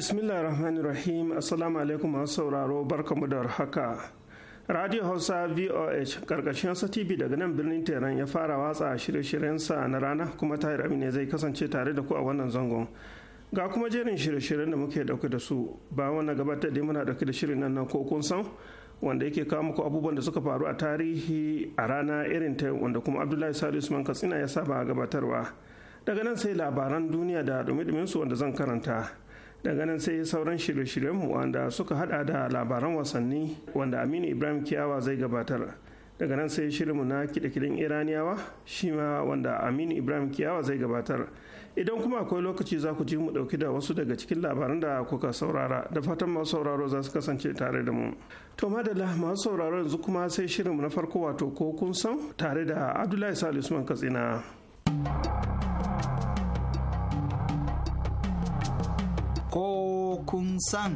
bismillah rahmanir rahim assalamu alaikum masu sauraro barkamu da haka radio hausa voh karkashin sa tv daga nan birnin tehran ya fara watsa shirye shiryen sa na rana kuma tahir amine zai kasance tare da ku a wannan zangon ga kuma jerin shirye-shiryen da muke dauke da su ba wannan gabatar da muna dauke da shirin nan na kun san wanda yake kawo muku abubuwan da suka faru a tarihi a rana irin ta wanda kuma abdullahi salisu usman katsina ya saba gabatarwa daga nan sai labaran duniya da dumi su wanda zan karanta daga nan sai sauran shirye-shiryenmu wanda suka hada da labaran wasanni wanda aminu ibrahim kiyawa zai gabatar daga nan sai shirinmu na kide-kiden iraniyawa shi ma wanda aminu ibrahim kiyawa zai gabatar idan kuma akwai lokaci za ku ji mu dauki da wasu daga cikin labaran da kuka saurara da fatan masu sauraro za su kasance tare da mu to madalla masu sauraro yanzu kuma sai shirin mu na farko wato ko kun san tare da abdullahi salisu man katsina ko kun san.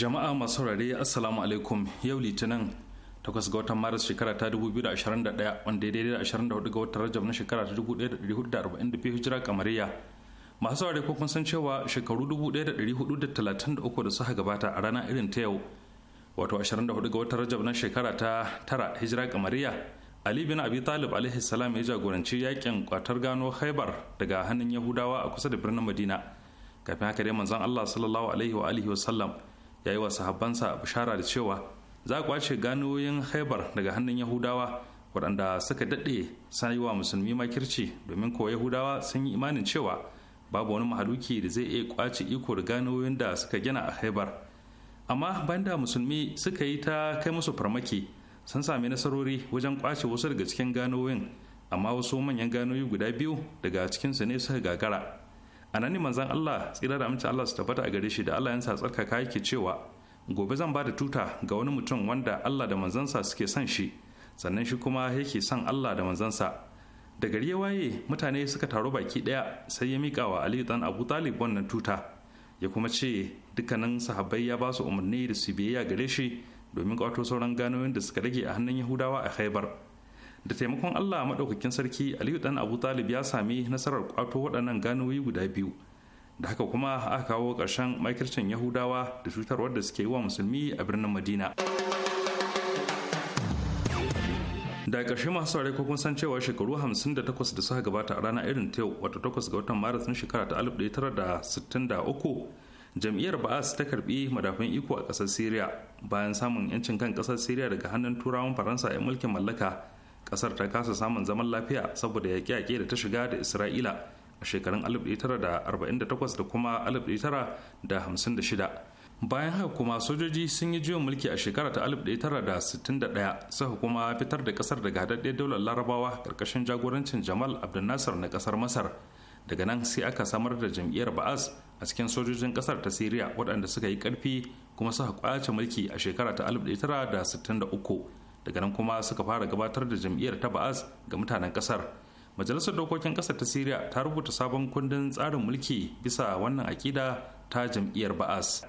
Jama'a masu saurare Assalamu alaikum yau Litinin takwas ga watan maris shekara ta 2021 wanda ya daidai da 24 ga watan rajab na shekara ta 1440 hijira kamariya masu saurare ko kun san cewa shekaru 1433 da suka gabata a rana irin ta yau wato 24 ga watan rajab na shekara ta 9 hijira kamariya ali bin abi talib alaihi salam ya jagoranci yakin kwatar gano haibar daga hannun yahudawa a kusa da birnin madina kafin haka dai manzon allah sallallahu alaihi wa alihi wasallam ya yi wa sahabbansa bishara da cewa za a kwace ganoyin haibar daga hannun yahudawa waɗanda suka daɗe sai wa musulmi makirci domin ko yahudawa sun yi imanin cewa babu wani mahaluki da zai iya kwace iko da ganoyin da suka gina a haibar amma bayan da musulmi suka yi ta kai musu farmaki sun sami nasarori wajen kwace wasu daga cikin ganoyin amma wasu manyan ganoyi guda biyu daga cikinsu ne suka gagara a nan ne manzon Allah tsira da amince Allah su tabbata a gare shi da Allah yansa tsarkaka yake cewa gobe zan ba da tuta ga wani mutum wanda Allah da manzansa suke son shi sannan shi kuma yake son Allah da manzansa da gari ya waye mutane suka taru baki daya sai ya mika wa Ali dan Abu Talib wannan tuta ya kuma ce dukkanin sahabbai ya ba su umarni da su biyayya gare shi domin kwato sauran ganoyin da suka rage a hannun yahudawa a haibar da taimakon allah maɗaukakin sarki aliyu dan abu talib ya sami nasarar kwato waɗannan ganoyi guda biyu da haka kuma aka kawo ƙarshen makircin yahudawa da cutarwar da suke yi wa musulmi a birnin madina da ƙarshe masu saurari ko kun san cewa shekaru 58 da suka gabata a ranar irin ta yau wato 8 ga watan maris na shekara ta 1963 jam'iyyar ba'as ta karbi madafun iko a kasar syria bayan samun yancin kan kasar syria daga hannun turawan faransa 'yan mulkin mallaka kasar ta kasa samun zaman lafiya saboda yaƙe-yaƙe da ta shiga da isra'ila a shekarun 1948 da kuma 1956 bayan haka kuma sojoji sun yi jiyon mulki a shekara ta 1961 suka kuma fitar da kasar daga haɗaɗɗiyar daular larabawa ƙarƙashin jagorancin jamal abdulnasar na kasar masar daga nan sai aka samar da jam'iyyar ba'as a cikin sojojin kasar ta siriya waɗanda suka yi ƙarfi kuma suka kwace mulki a shekara ta 1963 daga nan kuma suka fara gabatar da jam'iyyar ta ba'as ga mutanen kasar majalisar dokokin kasar ta siriya ta rubuta sabon kundin tsarin mulki bisa wannan aƙida ta jam'iyyar ba'as.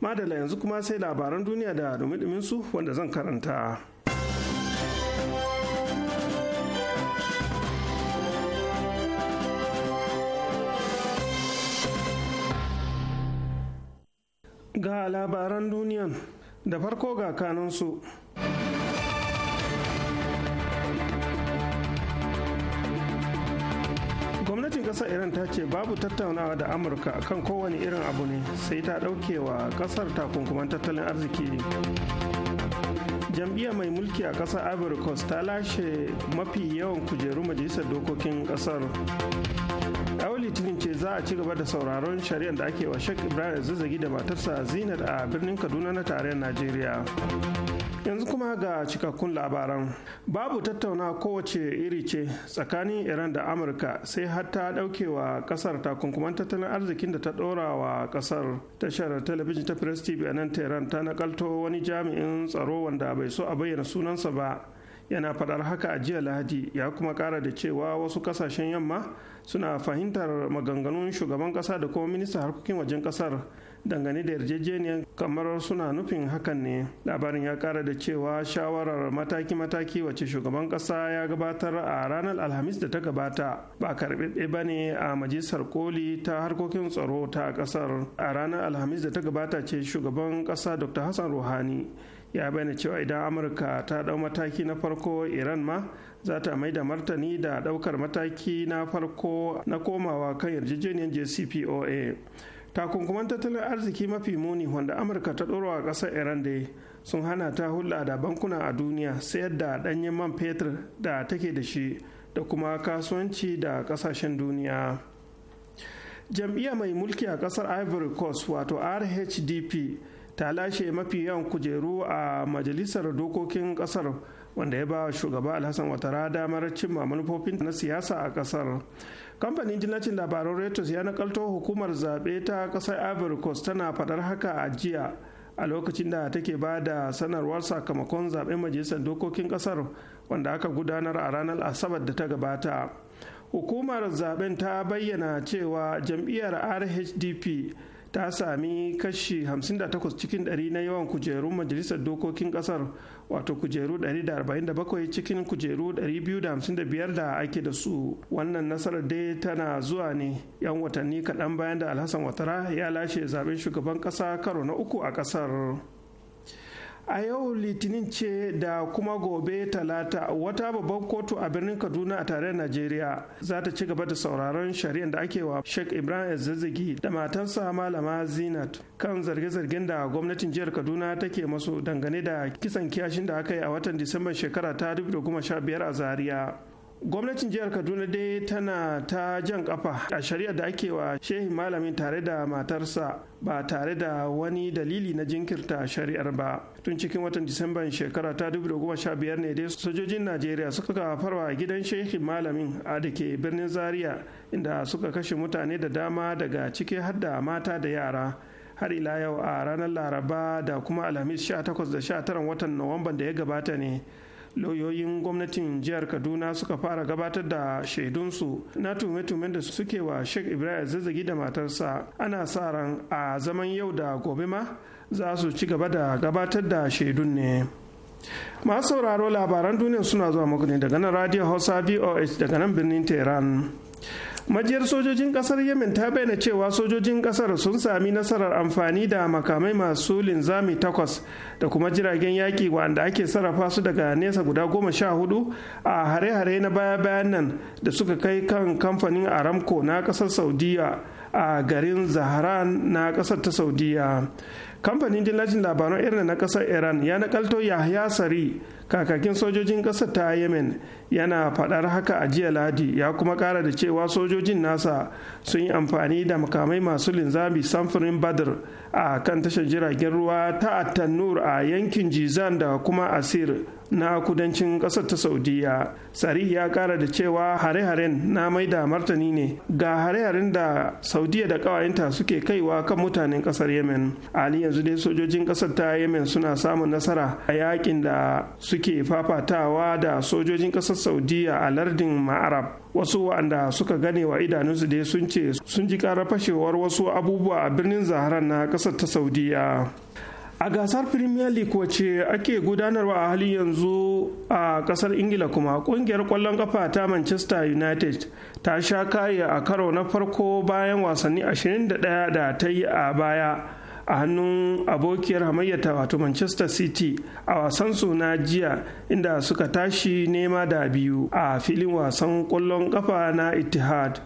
madala yanzu kuma sai labaran duniya da dumi su wanda zan karanta ga labaran duniyan da farko ga su kasar iran ta ce babu tattaunawa da amurka kan kowane irin abu ne sai ta ɗauke wa ƙasar takunkuman tattalin arziki jam'iyya mai mulki a ƙasar ivory coast ta lashe mafi yawan kujeru majalisar dokokin ƙasar yau litinin ce za a ci gaba da sauraron shari'ar da ake wa shek ibrahim zazzagi da matarsa zinat a birnin kaduna na tarayyar najeriya yanzu kuma ga cikakkun labaran babu tattauna kowace iri ce tsakanin iran da amurka sai har ta daukewa kasar takunkuman tattalin arzikin da ta dora wa kasar tashar talabijin ta press tv a nan tehran ta nakalto wani jami'in tsaro wanda bai so a bayyana sunansa ba yana faɗar haka a jiya lahadi ya kuma kara da cewa wasu kasashen yamma suna fahimtar maganganun shugaban ƙasa da kuma ministan harkokin wajen ƙasar dangane da yarjejeniyar kamar suna nufin hakan ne labarin ya kara da cewa shawarar mataki-mataki wacce shugaban kasa ya gabatar a ranar alhamis da ta gabata ba karbe ba ne a majalisar koli ta harkokin tsaro ta kasar a ranar alhamis da ta gabata ce shugaban kasa dr hassan ruhani ya bayyana cewa idan amurka ta dau mataki na farko iran ma za ta mai da martani da daukar mataki na farko na komawa kan yarjejeniyar jcpoa takunkuman tattalin arziki mafi muni wanda amurka ta ɗora a ƙasar iran dai sun hana ta hulɗa da bankuna a duniya sayar da ɗanyen man fetur da take da shi da kuma kasuwanci da ƙasashen duniya jam'iyya mai mulki a ƙasar ivory coast wato rhdp ta lashe mafi yawan kujeru a majalisar dokokin ƙasar wanda ya ba shugaba alhassan watara damar cimma manufofin na siyasa a kasar kamfanin dillacin labarun reuters ya nakalto hukumar zaɓe ta ƙasar ivory coast tana faɗar haka a jiya a lokacin da take ba da sanarwar sakamakon zaɓen majalisar dokokin ƙasar wanda aka gudanar a ranar asabar da ta gabata hukumar zaɓen ta bayyana cewa jam'iyyar rhdp ta sami kashi 58 cikin 100 na yawan kujerun majalisar dokokin kasar wato kujeru 147 cikin kujeru 255 da ake da su wannan nasarar dai tana zuwa ne yan watanni kaɗan bayan da alhassan watara ya lashe zaben shugaban ƙasa karo na uku a ƙasar. a yau litinin ce da kuma gobe talata wata babban kotu a birnin kaduna a tarayyar najeriya za ta ci gaba da sauraron shari'ar da ake wa sheikh ibrahim zazzagi da matansa malama zinat kan zarge-zargen da gwamnatin jihar kaduna take masu dangane da kisan kiyashin da aka yi a watan disamban shekara ta 2015 a Zariya. gwamnatin jihar kaduna dai tana ta jan kafa a shari'ar da ake wa shehin malamin tare da matarsa ba tare da wani dalili na jinkirta shari'ar ba tun cikin watan disamban shekara ta 2015 ne dai sojojin najeriya suka farwa gidan shehin malamin a da ke birnin zaria inda suka kashe mutane da dama daga ciki har da mata da yara har ila yau a ranar laraba da kuma alhamis 18 da 19 watan nuwamban da ya gabata ne lauyoyin gwamnatin jihar kaduna suka fara gabatar da shaidunsu na tume da suke wa sheikh ibrahim zazzagi da matarsa ana sa ran a zaman yau da gobe ma za su ci gaba da gabatar da shaidun ne masu sauraro labaran duniya suna zuwa muku daga nan radio hausa vos daga nan birnin tehran majiyar sojojin kasar yemen ta bayyana cewa sojojin kasar sun sami nasarar amfani da makamai masu linzami takwas da kuma jiragen yaƙi wanda ake sarrafa su daga nesa guda goma sha hudu a hare-hare na baya-bayan nan da suka kai kan kamfanin aramco na kasar saudiya a garin zaharan na kasar ta saudiya kamfanin dillacin labaran irin na kasar iran ya nakalto yahya sari kakakin sojojin kasar ta yemen yana fadar haka a jiya ladi ya kuma kara da cewa sojojin nasa sun yi amfani da makamai masu linzami samfurin badr a kan tashar jiragen ruwa ta Atanur a yankin jizan da kuma asir na kudancin kasar ta saudiya sari ya kara da cewa hare-haren na mai da martani ne ga hare-haren da saudiya da kawayenta suke kaiwa kan mutanen kasar yemen ali yanzu dai sojojin ƙasar ta yemen suna samun nasara a yakin da suke fafatawa da sojojin ƙasar saudiya a lardin ma'arab wasu wa'anda suka gane wa idanunsu dai sun ce sun ji ƙarar fashewar wasu abubuwa a birnin zaharan na ƙasar ta saudiya a gasar premier league wacce ake gudanarwa a halin yanzu a kasar ingila kuma kungiyar kwallon kafa ta manchester united ta sha kaya a karo na farko bayan wasanni 21 da ta yi a baya a hannun abokiyar hamayyata wato manchester city a wasan su na jiya inda suka tashi nema da biyu a filin wasan kwallon kafa na itihad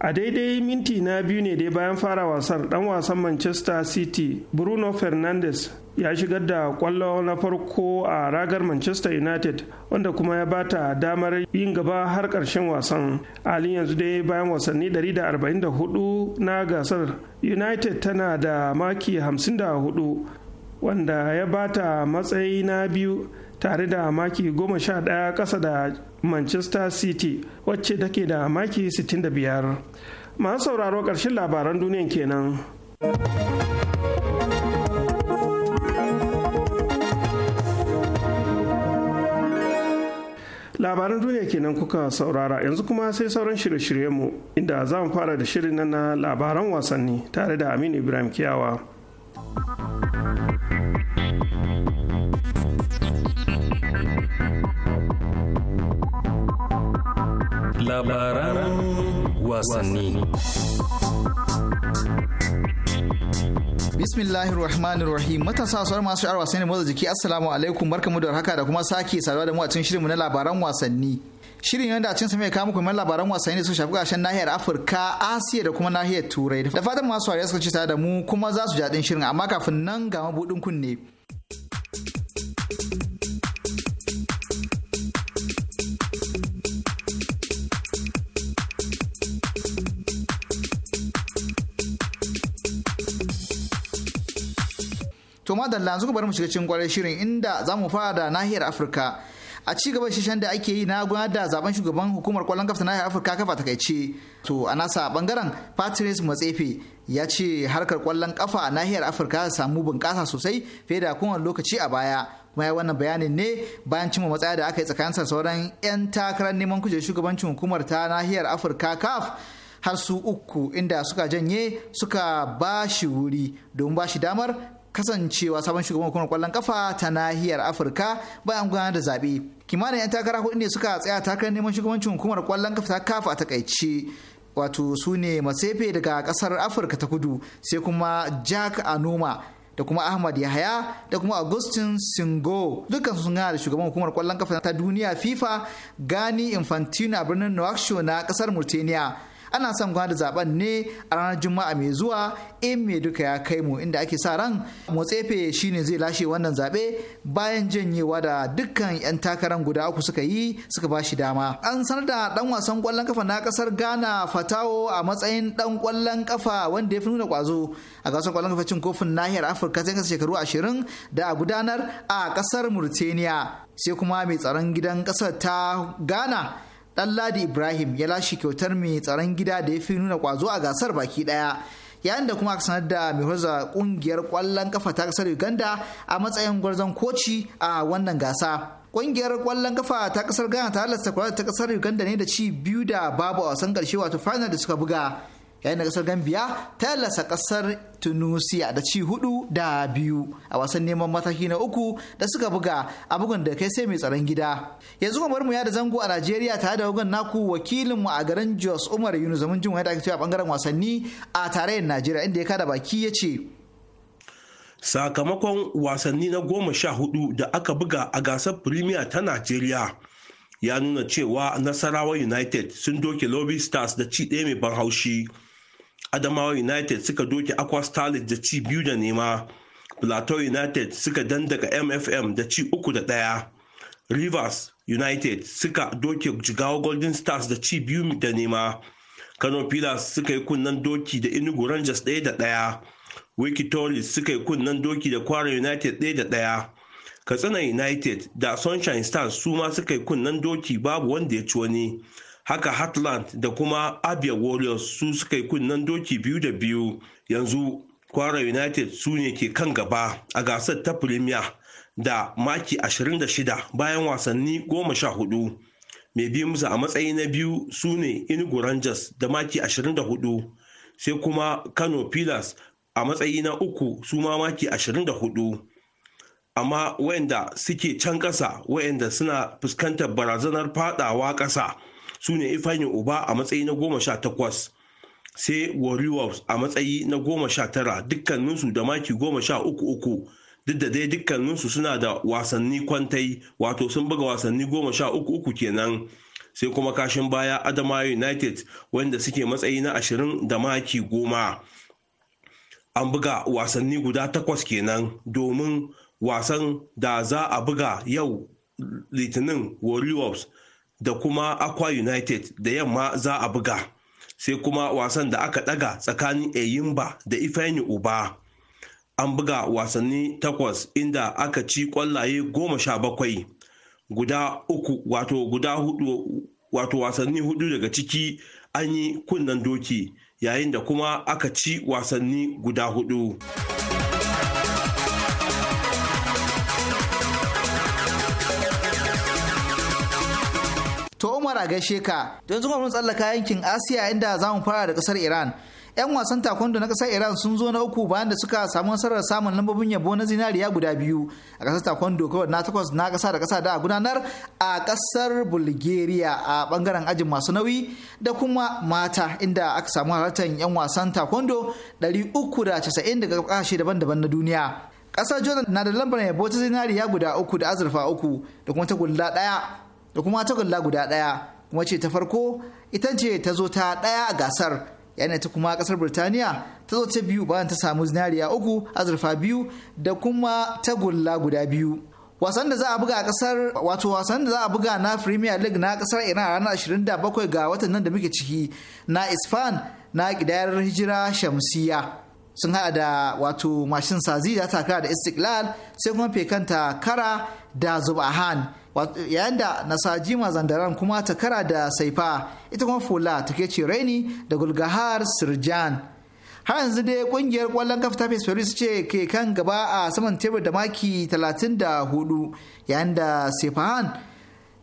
a daidai minti na biyu ne dai bayan fara wasan dan wasan manchester city bruno fernandes ya shigar da kwallo na farko a ragar manchester united wanda kuma ya bata damar yin gaba har karshen wasan halin yanzu dai bayan wasanni 144 na gasar united tana da maki 54 wanda ya bata matsayi na biyu tare da maki 11 kasa da manchester city wacce take da maki 65 masu sauraro ƙarshen labaran duniyan kenan. labaran duniya kenan kuka saurara yanzu kuma sai sauran shirye-shiryenmu inda za mu fara da shirin na labaran wasanni tare da aminu ibrahim kiyawa labaran wasanni Bismillahi rahim Matasa sauran masu sha'ar wasanni motsa jiki Assalamu alaikum barkamu da warhaka da kuma sake saduwa da mu a cikin shirinmu na labaran wasanni. Shirin yanda cin sa mai kawo muku labaran wasanni su shafi gashin nahiyar Afirka, Asiya da kuma nahiyar Turai. Da fatan masu wariya suka ci tare da mu kuma za su jaɗin shirin amma kafin nan ga mabudin kunne. kuma da lanzu bari mu shiga cikin kwarar shirin inda za mu fara da nahiyar Afirka. A ci gaba shishan da ake yi na gudanar da zaben shugaban hukumar kwallon kafa ta nahiyar Afirka kafa takaice. To a nasa bangaren Patrice matsefe ya ce harkar kwallon kafa a nahiyar Afirka ta samu bunƙasa sosai fiye da kowane lokaci a baya. Kuma ya wannan bayanin ne bayan cimma matsaya da aka yi tsakanin sauran 'yan takarar neman kujerar shugabancin hukumar ta nahiyar Afirka kaf har su uku inda suka janye suka ba shi wuri don ba shi damar kasancewa sabon shugaban hukumar kwallon kafa ta nahiyar afirka bayan gudanar da zaɓe kimanin 'yan takara hudu ne suka tsaya takarar neman shugabancin hukumar kwallon kafa ta kafa a takaice wato su ne masefe daga kasar afirka ta kudu sai kuma jack anoma da kuma ahmad yahaya da kuma augustin singo dukkan sun gana da shugaban hukumar kwallon kafa ta duniya fifa gani infantino a birnin nuwakshu na kasar murtaniya ana son gwada zaben ne a ranar juma'a mai zuwa in mai duka ya kai mu inda ake sa ran motsefe shine zai lashe wannan zaɓe bayan janyewa da dukkan 'yan takarar guda uku suka yi suka bashi dama an sanar da dan wasan kwallon kafa na kasar ghana fatawo a matsayin dan kwallon kafa wanda ya fi nuna kwazo a gasar kwallon kafa cin kofin nahiyar afirka sai kasa shekaru ashirin da a gudanar a kasar murtaniya sai kuma mai tsaron gidan kasar ta ghana dan ladi ibrahim ya lashe kyautar mai tsaron gida da ya fi nuna kwazo a gasar baki daya yayin da kuma aka sanar da mai mihurza kungiyar kwallon kafa ta kasar uganda a matsayin gwarzon koci a wannan gasa kungiyar kwallon kafa ta kasar ghana ta halasta kwallon ta kasar uganda ne da ci biyu da babu a wasan karshe wato final da suka buga yayin da kasar gambia ta lasa kasar tunisia da ci hudu da biyu a wasan neman mataki na uku da suka buga a bugun da kai sai mai tsaron gida yanzu kamar mu ya da zango a nigeria tare da wagan naku wakilin mu a garin jos umar yunus zamun jin wani da a bangaren wasanni a tarayyar nigeria inda ya kada baki ya ce sakamakon wasanni na goma sha hudu da aka buga a gasar premier ta nigeria ya nuna cewa nasarawa united sun doke lobby stars da ci ɗaya mai ban haushi adamawa united suka doke aqua starlet da ci biyu da nema plateau united suka dandaka mfm da ci uku da ɗaya rivers united suka doke jigawa golden stars da ci biyu da nema kano pillars suka yi kunnen doki da inugu rangers ɗaya da ɗaya wiki suka yi kunnen doki da kwara united ɗaya da ɗaya katsina united da sunshine stars su ma suka yi kunnen doki babu wanda ya ci wani haka heartland da kuma abia warriors su suka yi kunnen doki biyu da biyu yanzu kwara united su ne ke kan gaba a gasar ta premier da maki 26 bayan wasanni 14 mai biyu musu a matsayi na biyu su ne inugu rangers da maki 24 sai kuma kano pillars a matsayi na uku su ma maki 24 amma wayanda suke can ƙasa wayanda suna fuskantar barazanar fadawa ƙasa su ne ifanyin uba a matsayi na goma sha takwas sai warriors a matsayi na goma sha tara dukkaninsu da maki goma sha uku uku duk da dai dukkaninsu suna da wasanni kwantai wato sun buga wasanni goma sha uku uku kenan sai kuma kashin baya adama united wanda suke matsayi na ashirin da maki goma an buga wasanni guda takwas kenan domin wasan da za a buga yau litinin warriors da kuma Akwa united da yamma za a buga sai kuma wasan da aka daga tsakanin eyimba da ifeanyi uba an buga wasanni takwas inda aka ci kwallaye goma sha bakwai guda uku wato guda hudu wato wasanni hudu daga ciki an yi kunnen doki yayin da kuma aka ci wasanni guda hudu. fara gaishe ka don zuwa mun tsallaka yankin asiya inda za mu fara da kasar iran yan wasan takwondo na kasar iran sun zo na uku bayan da suka samu nasarar samun lambobin yabo na zinariya guda biyu a kasar takwondo kawai na takwas na kasa da kasa da gudanar a kasar bulgaria a bangaren ajin masu nauyi da kuma mata inda aka samu halartar yan wasan takwondo 390 daga kasashe daban-daban na duniya kasar jordan na da lambar yabo ta zinariya guda uku da azurfa uku da kuma tagulla daya da kuma tagulla guda ɗaya kuma ce ta farko ita ce ta zo ta ɗaya a gasar yana ta kuma ƙasar birtaniya ta zo ta biyu bayan ta samu zinariya uku azurfa biyu da kuma tagulla guda biyu wasan da za a buga a kasar wato wasan da za a buga na Premier League na ƙasar Iran a ranar 27 ga watan nan da muke ciki na isfan na ƙidayar hijira shamsiya sun hada da wato mashin sazi da takara da Istiklal sai kuma fekanta kara da Zubahan yayin da nasaji zandaran kuma ta kara da saifa ita kuma fula ta ce raini da gulgahar sirjan har yanzu dai kungiyar kwallon kafa ta fesfari su ce ke kan gaba a saman tebur da maki 34 yayin da sefahan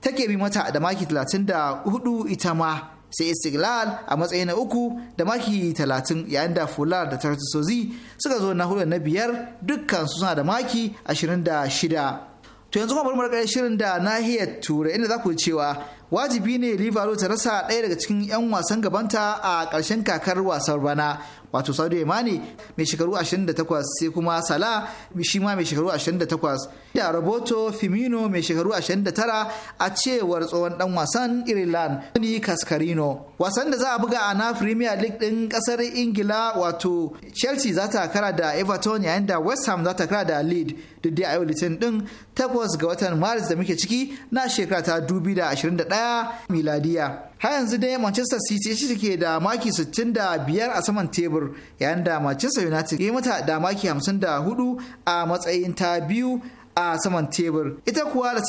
take bi mata da maki 34 ita ma sai istiklal a matsayi na uku da maki talatin yayin da fular da tartisozi suka zo na hudu na biyar dukkan suna da maki ashirin to yanzu kuma bari mu shirin da nahiyar turai inda za ku cewa wajibi ne liverpool ta rasa ɗaya daga cikin 'yan wasan gabanta a ƙarshen kakar wasan bana wato saudi imani mai shekaru 28 sai kuma sala shi ma mai shekaru 28 da roberto fimino mai shekaru 29 a cewar tsohon dan wasan ireland tony cascarino wasan da za a buga a na premier league din kasar ingila wato chelsea za ta kara da everton yayin da west ham za ta kara da lead duk da a yau litinin din 8 ga watan maris da muke ciki na shekara ta 2021 daya miladiya. har yanzu dai manchester city shi take da maki 65 a saman tebur yayin da manchester united ya mata da maki 54 a matsayin ta biyu a saman tebur ita kuwa da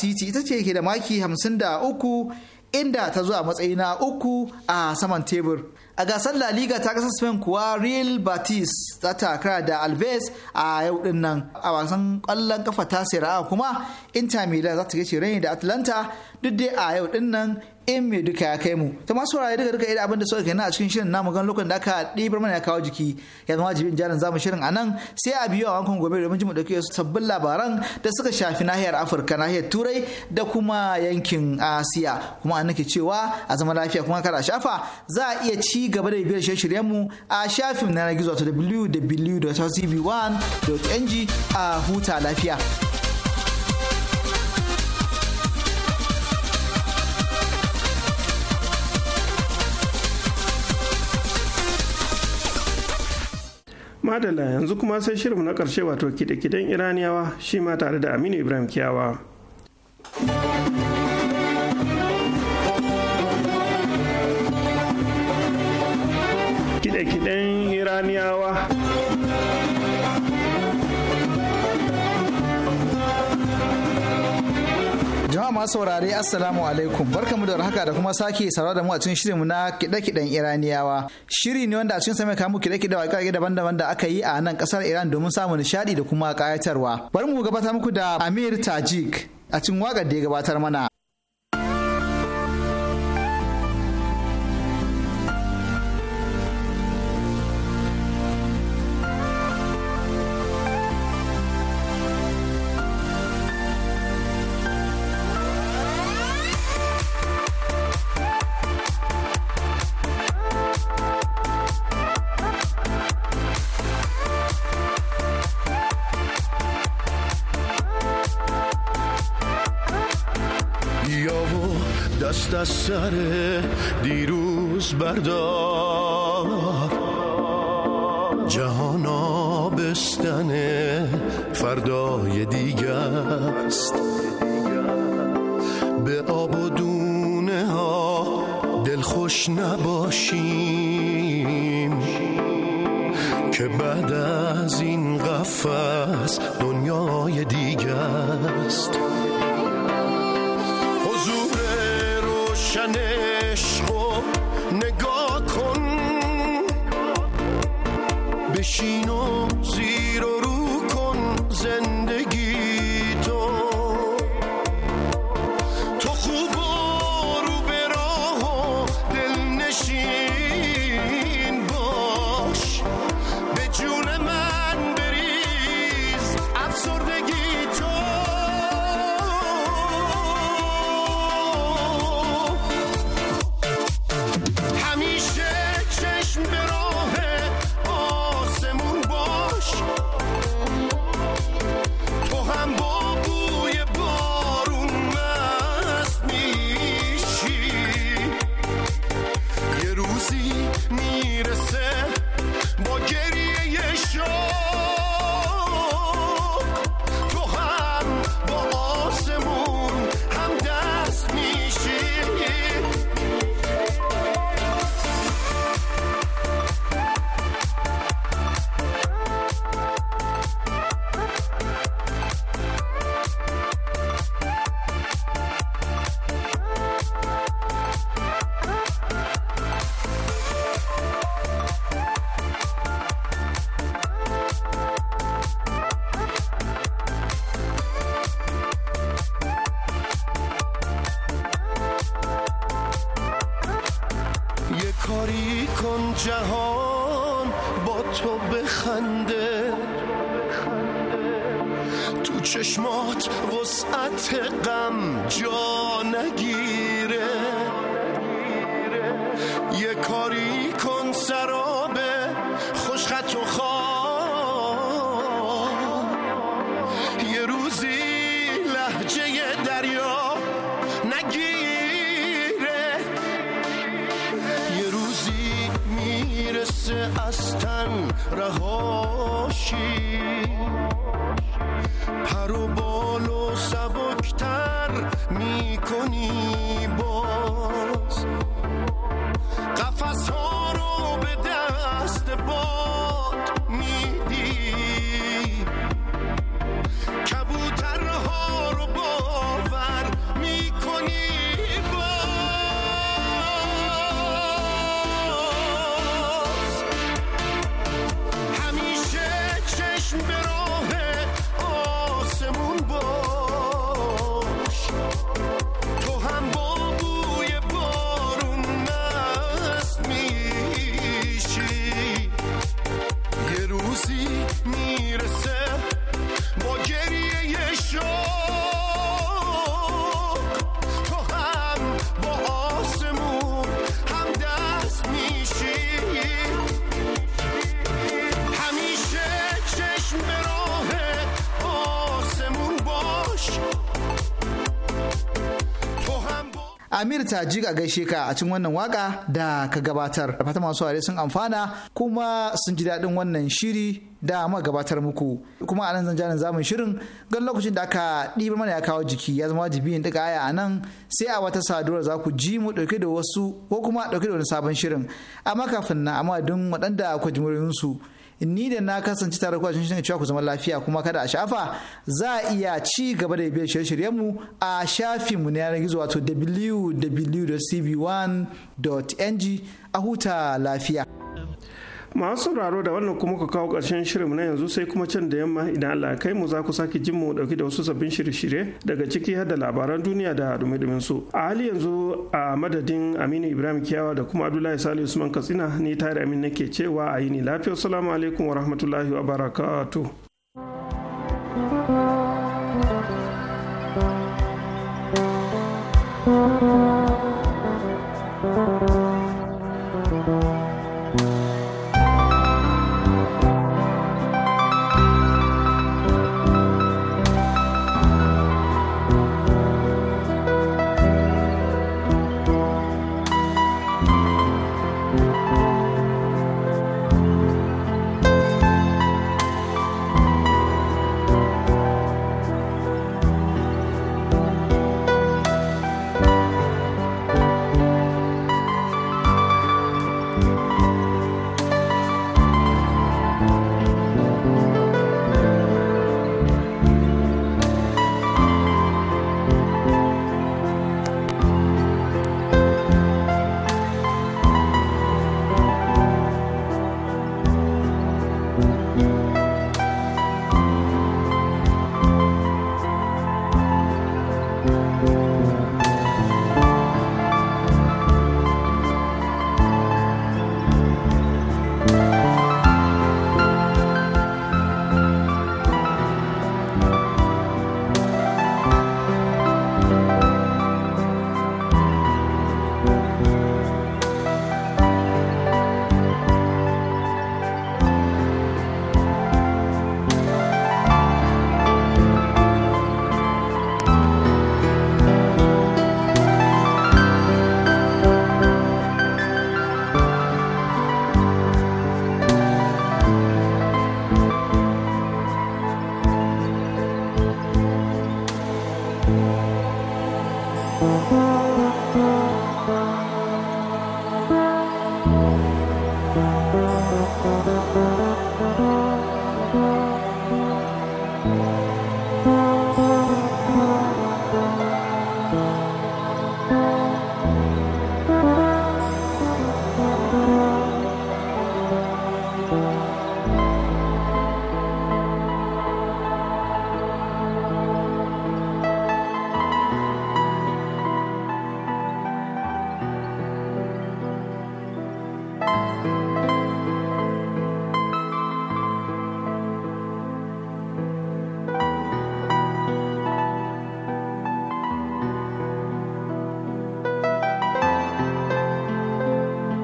city ita ce ke da maki 53 inda ta zo a matsayi na uku a saman tebur. A gasar La Liga ta kasar Spain kuwa Real Batis za ta kara da Alves a yau din nan. A wasan kwallon kafa ta Serie kuma Inter Milan za ta gace raini da Atlanta duk dai a yau din nan in mai duka ya kai mu ta masu raye duka duka irin abin da suka kenan a cikin shirin namu gan lokacin da aka ɗibar mana ya kawo jiki ya zama jibin jarin zamu shirin a nan sai a biyo a wankan gobe domin jin mu dauke wasu sabbin labaran da suka shafi nahiyar afirka nahiyar turai da kuma yankin asiya kuma a nake cewa a zama lafiya kuma kada shafa za a iya ci gaba da biyar shirye-shiryen mu a shafin na gizo ta www.tv1.ng a huta lafiya. madala yanzu kuma sai shirin na karshe wato kide-kiden iraniyawa shi ma tare da aminu ibrahim kiyawa kide-kiden iraniyawa masu saurare assalamu alaikum barkamu da warhaka da kuma sake saurara da mu a cikin shirin mu na kide-kiden Iraniyawa shiri ne wanda a cikin sa mai kamu kide-kide wa kage daban-daban da aka yi a nan kasar Iran domin samun nishadi da kuma kayatarwa bari mu gabatar muku da Amir Tajik a cikin wakar da ya gabatar mana از سر دیروز بردار جهان آبستن فردای دیگرست است باشی پر و بال و سبکتر میکنی باز قفص ها رو به دست باد می Amir Tajik a gaishe ka a cikin wannan waka da ka gabatar. Da fatan masu sun amfana kuma sun ji daɗin wannan shiri da ma gabatar muku. Kuma a nan zan jarin zamun shirin gan lokacin da aka ɗibar mana ya kawo jiki ya zama wajibi in ɗiga aya a nan sai a wata saduwar za ku ji mu ɗauke da wasu ko kuma ɗauke da wani sabon shirin. Amma kafin na amma don waɗanda ku ji ni da na kasance tare ku a cikin cewa ku zama lafiya kuma kada a shafa za a iya ci gaba da biyar shirye mu a shafin mu na yanar gizo wato www.cb1.ng a huta lafiya. masu sauraro da wannan kuma ka kawo ƙarshen shirin na yanzu sai kuma can da yamma idan Allah kai mu za ku sake jin mu dauki da wasu sabbin shirye-shirye daga ciki har da labaran duniya da dumi-dumin su a hali yanzu a madadin Aminu Ibrahim Kiyawa da kuma Abdullahi Salisu Usman Katsina ni tare Amin nake cewa a yi ni lafiya assalamu alaikum wa rahmatullahi wa barakatuh